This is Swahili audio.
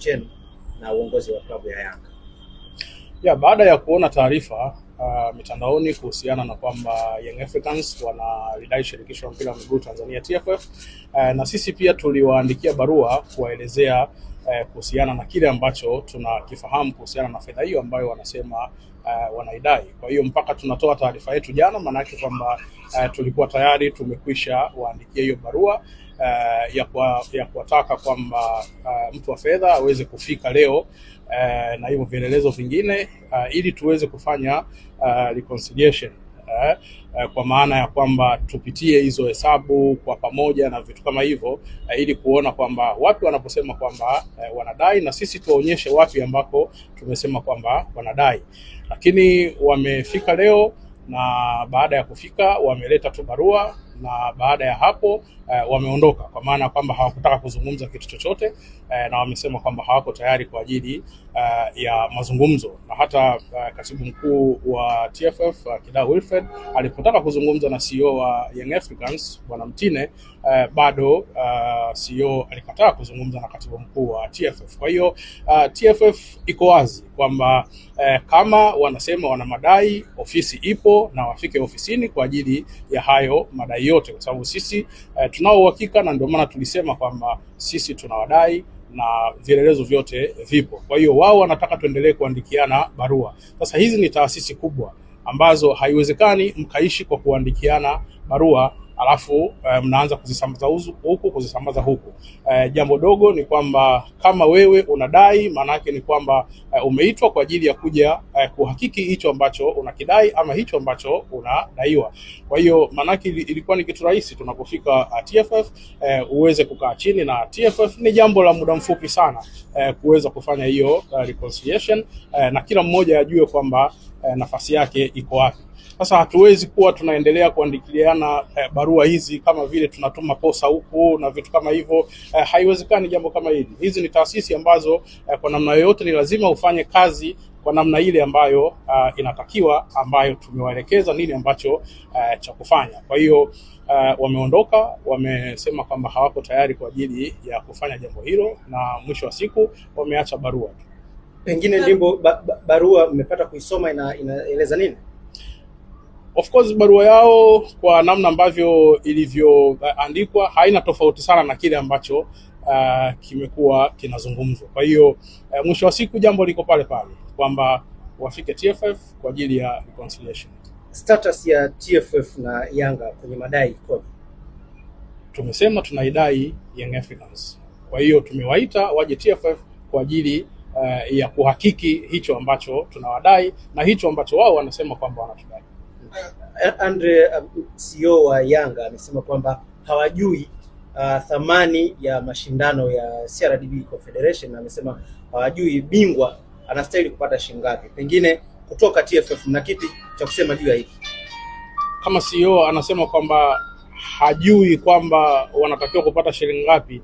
chenu na uongozi wa klabu ya Yanga? Ya, baada ya kuona taarifa uh, mitandaoni kuhusiana na kwamba Young Africans wanalidai shirikisho la mpira wa miguu Tanzania TFF, uh, na sisi pia tuliwaandikia barua kuwaelezea eh, kuhusiana na kile ambacho tunakifahamu kuhusiana na fedha hiyo ambayo wanasema uh, wanaidai. Kwa hiyo mpaka tunatoa taarifa yetu jana, yake kwamba uh, tulikuwa tayari tumekwisha waandikia hiyo barua uh, ya kwa, ya kuwataka kwamba uh, mtu wa fedha aweze kufika leo uh, na hivyo vielelezo vingine uh, ili tuweze kufanya uh, reconciliation eh, eh, kwa maana ya kwamba tupitie hizo hesabu kwa pamoja na vitu kama hivyo eh, ili kuona kwamba wapi wanaposema kwamba eh, wanadai na sisi tuwaonyeshe wapi ambako tumesema kwamba wanadai, lakini wamefika leo na baada ya kufika wameleta tu barua na baada ya hapo uh, wameondoka kwa maana kwamba hawakutaka kuzungumza kitu chochote uh, na wamesema kwamba hawako tayari kwa ajili uh, ya mazungumzo, na hata uh, katibu mkuu wa TFF uh, Wilfred alipotaka kuzungumza na CEO wa Young Africans Bwana Mtine uh, bado uh, CEO alikataa kuzungumza na katibu mkuu wa TFF. Kwa hiyo uh, TFF iko wazi kwamba uh, kama wanasema wana madai, ofisi ipo na wafike ofisini kwa ajili ya hayo madai yote, kwa sababu sisi eh, tunao uhakika, na ndio maana tulisema kwamba sisi tunawadai na vielelezo vyote vipo. Kwa hiyo wao wanataka tuendelee kuandikiana barua. Sasa hizi ni taasisi kubwa ambazo haiwezekani mkaishi kwa kuandikiana barua alafu eh, mnaanza kuzisambaza huku kuzisambaza huku. Eh, jambo dogo ni kwamba kama wewe unadai, maana yake ni kwamba eh, umeitwa kwa ajili ya kuja eh, kuhakiki hicho ambacho unakidai ama hicho ambacho unadaiwa. Kwa hiyo maana yake ilikuwa ni kitu rahisi tunapofika eh, TFF, eh, uweze kukaa chini na TFF. Ni jambo la muda mfupi sana eh, kuweza kufanya hiyo uh, reconciliation eh, na kila mmoja ajue kwamba eh, nafasi yake iko wapi. Sasa hatuwezi kuwa tunaendelea kuandikiliana eh, barua barua hizi kama vile tunatuma posa huku na vitu kama hivyo eh, haiwezekani jambo kama hili. Hizi ni taasisi ambazo eh, kwa namna yoyote ni lazima ufanye kazi kwa namna ile ambayo uh, inatakiwa ambayo tumewaelekeza nini ambacho uh, cha kufanya. Kwa hiyo uh, wameondoka, wamesema kwamba hawako tayari kwa ajili ya kufanya jambo hilo, na mwisho wa siku wameacha barua Pengine ndimbo ba, ba, barua mmepata kuisoma, ina, inaeleza nini? Of course barua yao kwa namna ambavyo ilivyoandikwa haina tofauti sana na kile ambacho uh, kimekuwa kinazungumzwa. Kwa hiyo uh, mwisho wa siku jambo liko pale pale kwamba wafike TFF kwa ajili ya reconciliation. Status ya TFF na Yanga kwenye madai ikoje? Tumesema tunaidai Young Africans, kwa hiyo tumewaita waje TFF kwa ajili uh, ya kuhakiki hicho ambacho tunawadai na hicho ambacho wao wanasema kwamba wanatudai. Andre um, CEO wa Yanga amesema kwamba hawajui uh, thamani ya mashindano ya CRDB Confederation, amesema hawajui bingwa anastahili kupata shilingi ngapi, pengine kutoka TFF na kipi cha kusema juu ya hiki. Kama CEO anasema kwamba hajui kwamba wanatakiwa kupata shilingi ngapi